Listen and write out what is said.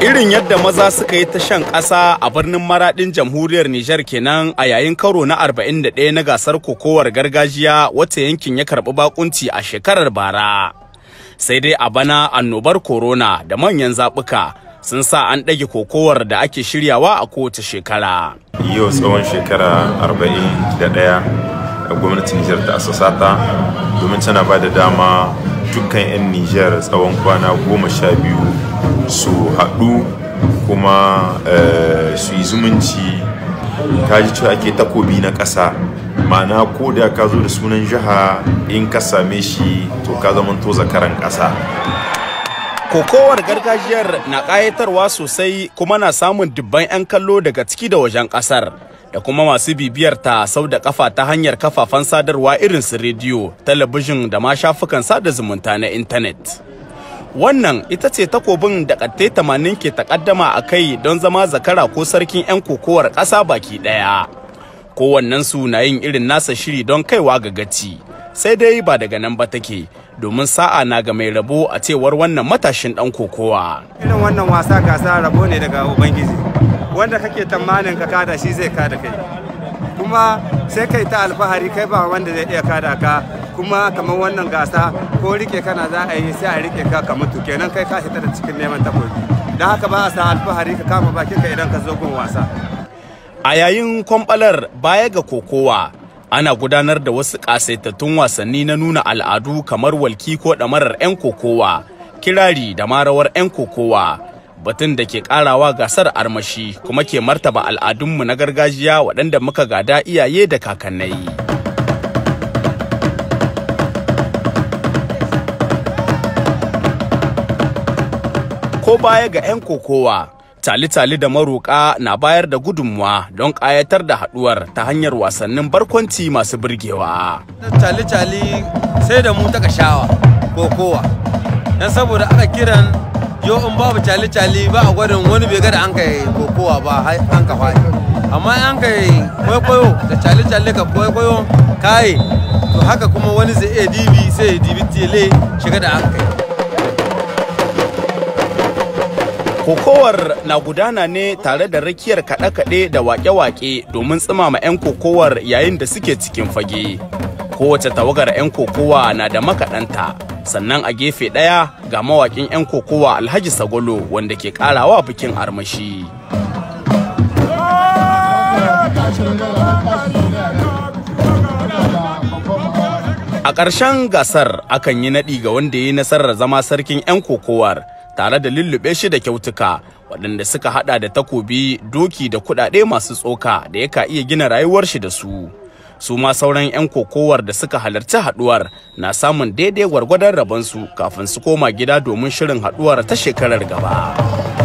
Irin yadda maza suka yi ta shan ƙasa a birnin maraɗin jamhuriyar Nijar kenan a yayin karo na 41 na gasar kokowar gargajiya wata yankin ya karɓi bakunci a shekarar bara. Sai dai a bana annobar korona da manyan zaɓuka sun sa an ɗage kokowar da ake shiryawa a kowace shekara. Yau tsawon shekara 41 gwamnatin Nijar ta asasata domin tana ba da dama dukkan 'yan Nijar tsawon kwana goma sha biyu su haɗu kuma eh, su yi zumunci ka ji cewa ake takobi na ƙasa ma'ana ko da ka zo da sunan jiha in ka same shi to ka zama to zakaran ƙasa kokowar gargajiyar na ƙayatarwa sosai kuma na samun dubban 'yan kallo daga ciki da wajen ƙasar da kuma masu bibiyar ta sau da kafa ta hanyar kafafen sadarwa irin su rediyo talabijin da ma shafukan sada zumunta na intanet. wannan ita ce takobin da katte tamanin ke takaddama a kai don zama zakara ko sarkin 'yan kokowar ƙasa baki ɗaya kowannensu na yin irin nasa shiri don kaiwa ga gaci sai dai ba daga nan ba take domin sa'a na ga mai rabo a cewar wannan matashin dan kokowa irin wannan wasa gasa rabo ne daga ubangiji wanda kake tamanin ka kada shi zai kada kai kuma sai kai ta alfahari kai ba wanda zai iya kada ka kuma kamar wannan gasa ko rike kana za a yi sai a rike ka ka mutu kenan kai ka fita da cikin neman takobi don haka ba a sa alfahari ka kama bakin ka idan ka zo gun wasa a yayin kwambalar baya ga kokowa ana gudanar da wasu kasaitattun wasanni na nuna al'adu kamar walki ko ɗamarar 'yan kokowa kirari da marawar 'yan kokowa batun da ke karawa gasar armashi kuma ke martaba al'adunmu na gargajiya waɗanda muka gada iyaye da kakannai. ko baya ga 'yan kokowa. Tali-tali da maroƙa na bayar da gudunmuwa don ƙayatar da haɗuwar ta hanyar wasannin barkwanci masu burgewa. Tali-tali sai da mu ta shawa kokowa. Don saboda aka kiran yo in babu cali-cali ba a gwadon wani bai ga da an kai kokowa ba an ka faɗi. Amma an kai kwaikwayo da cali-cali ka kwaikwayo kaye to haka kuma wani zai iya dibi sai ya dibi tele shiga da an kai. kokowar na gudana ne tare da rakiyar kaɗe-kaɗe da waƙe-waƙe domin tsimama 'yan kokowar yayin da suke cikin fage kowace tawagar 'yan kokowa na da makaɗanta sannan a gefe ɗaya ga mawaƙin 'yan kokowa alhaji sagolo wanda ke ƙarawa bikin armashi A ƙarshen gasar akan yi naɗi ga wanda ya yi nasarar zama sarkin 'yan kokowar tare da lullube shi da kyautuka waɗanda suka hada da takobi doki da kuɗaɗe masu tsoka da yaka iya gina rayuwar shi da su su ma sauran 'yan kokowar da suka halarci haduwar na samun daidai gwargwadon rabon su kafin su koma gida domin shirin haduwar ta shekarar gaba.